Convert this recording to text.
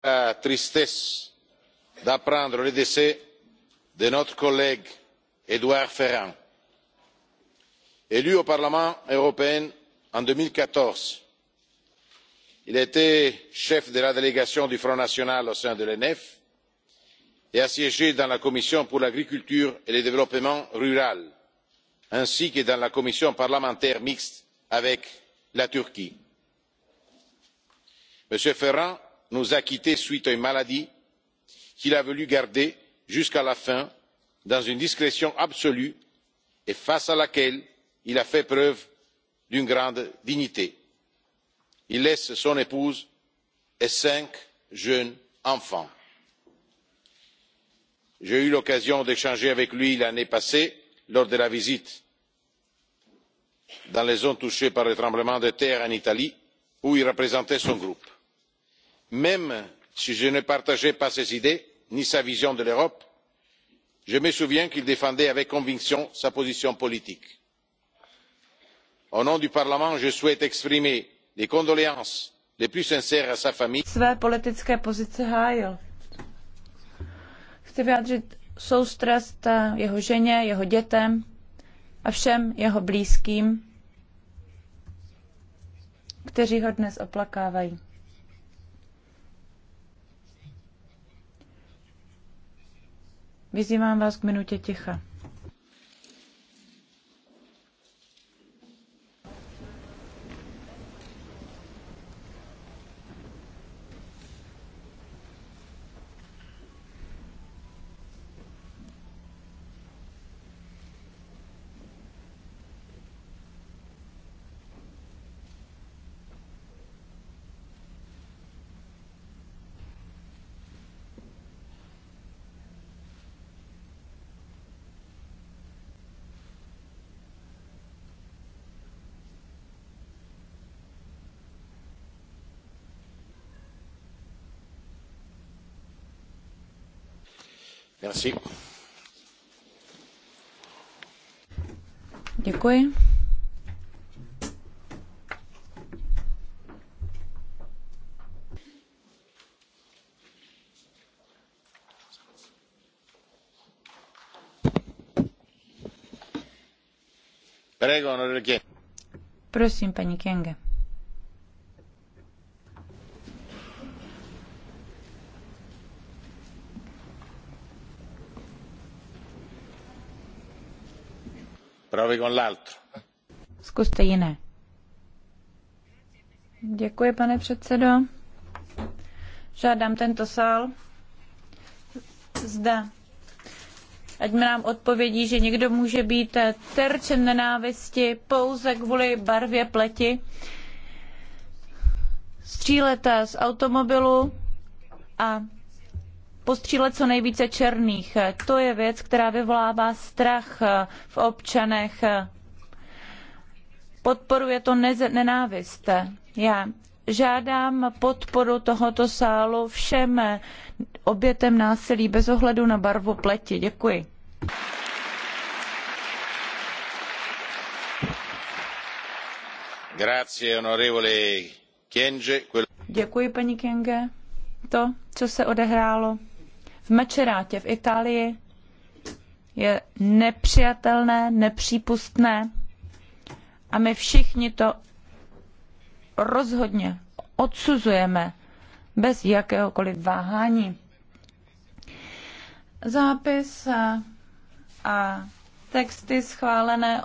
la eh, tristesse d'apprendre le décès de notre collègue édouard ferrand. élu au parlement européen en deux mille quatorze il a été chef de la délégation du front national au sein de l'enf e et a siégé dans la commission de l'agriculture et du développement rural ainsi que dans la commission parlementaire mixte avec la turquie. m. ferrand nous a quittés suite à une maladie qu'il a voulu garder jusqu'à la fin dans une discrétion absolue et face à laquelle il a fait preuve d'une grande dignité. il laisse son épouse et cinq jeunes enfants. j'ai eu l'occasion d'échanger avec lui l'année passée lors de la visite dans les zones touchées par le tremblement de terre en italie où il représentait son groupe même si je ne partageais pas ses idées ni sa vision de l'europe je me souviens qu'il défendait avec conviction sa position politique. au nom du parlement je souhaite exprimer les condoléances les plus sincères à sa famille. své politické pozice hájil. chci vyjádřit soustrast jeho ženě jeho dětem a všem jeho blízkým kteří ho dnes oplakávají. Vyzývám vás k minutě ticha. Merci. Děkuji. Prosím, paní Kenge. Provi con l'altro. Zkuste jiné. Děkuji, pane předsedo. Žádám tento sál. Zda. Ať mi nám odpovědí, že někdo může být terčem nenávisti pouze kvůli barvě pleti, střílet z automobilu a postřílet co nejvíce černých. To je věc, která vyvolává strach v občanech. Podporuje to nenávist. Já žádám podporu tohoto sálu všem obětem násilí bez ohledu na barvu pleti. Děkuji. Děkuji, paní Kenge. To, co se odehrálo v Mečerátě v Itálii je nepřijatelné, nepřípustné a my všichni to rozhodně odsuzujeme bez jakéhokoliv váhání. Zápis a texty schválené